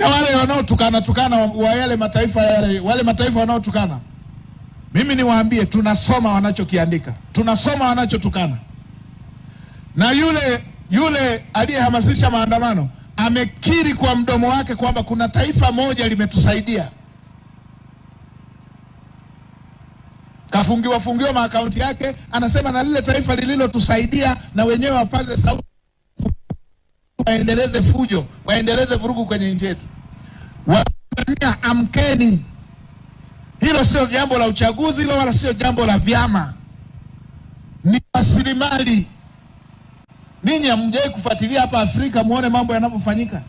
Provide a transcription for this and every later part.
na wale wanaotukana tukana wa yale mataifa yale, wale mataifa wanaotukana, mimi niwaambie, tunasoma wanachokiandika, tunasoma wanachotukana, na yule yule aliyehamasisha maandamano amekiri kwa mdomo wake kwamba kuna taifa moja limetusaidia. Kafungiwa fungiwa maakaunti yake, anasema na lile taifa lililotusaidia na wenyewe wapate sauti waendeleze fujo, waendeleze vurugu kwenye nchi yetu. Watanzania amkeni, hilo sio jambo la uchaguzi, hilo wala sio jambo la vyama, ni rasilimali. Ninyi hamjawahi kufuatilia hapa Afrika muone mambo yanavyofanyika.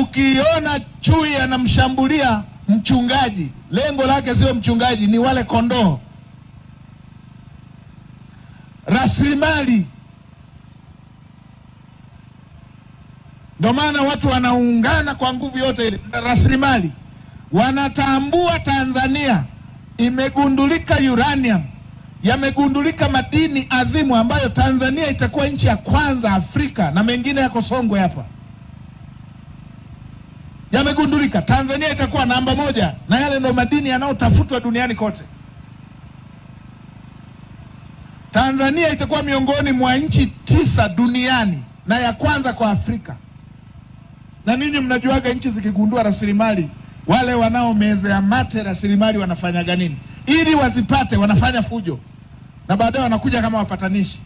Ukiona chui anamshambulia mchungaji, lengo lake sio mchungaji, ni wale kondoo rasilimali. Ndio maana watu wanaungana kwa nguvu yote ile, rasilimali. Wanatambua Tanzania imegundulika uranium, yamegundulika madini adhimu ambayo Tanzania itakuwa nchi ya kwanza Afrika, na mengine yako Songwe hapa yamegundulika. Tanzania itakuwa namba moja, na yale ndio madini yanayotafutwa duniani kote. Tanzania itakuwa miongoni mwa nchi tisa duniani na ya kwanza kwa Afrika. Na ninyi mnajuaga nchi zikigundua rasilimali, wale wanaomezea mate rasilimali wanafanyaga nini ili wazipate? Wanafanya fujo, na baadaye wanakuja kama wapatanishi,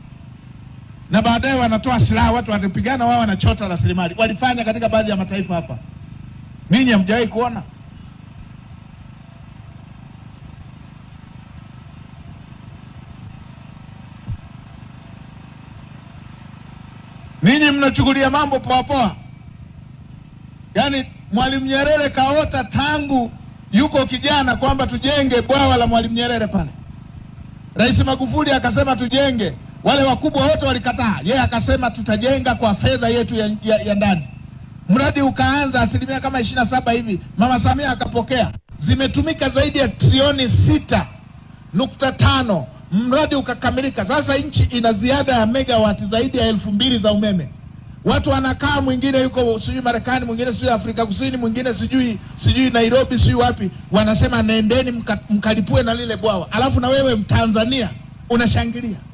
na baadaye wanatoa silaha, watu wanapigana, wao wanachota rasilimali. Walifanya katika baadhi ya mataifa hapa, ninyi hamjawahi kuona? Ninyi mnachukulia mambo poa poa, yaani Mwalimu Nyerere kaota tangu yuko kijana kwamba tujenge bwawa la Mwalimu Nyerere pale. Rais Magufuli akasema tujenge, wale wakubwa wote walikataa, yeye akasema tutajenga kwa fedha yetu ya, ya, ya ndani. Mradi ukaanza asilimia kama ishirini na saba hivi, Mama Samia akapokea, zimetumika zaidi ya trilioni sita nukta tano mradi ukakamilika. Sasa nchi ina ziada ya megawati zaidi ya elfu mbili za umeme. Watu wanakaa mwingine yuko sijui Marekani, mwingine sijui Afrika Kusini, mwingine sijui sijui Nairobi, sijui wapi, wanasema nendeni mkalipue na lile bwawa, alafu na wewe Mtanzania unashangilia.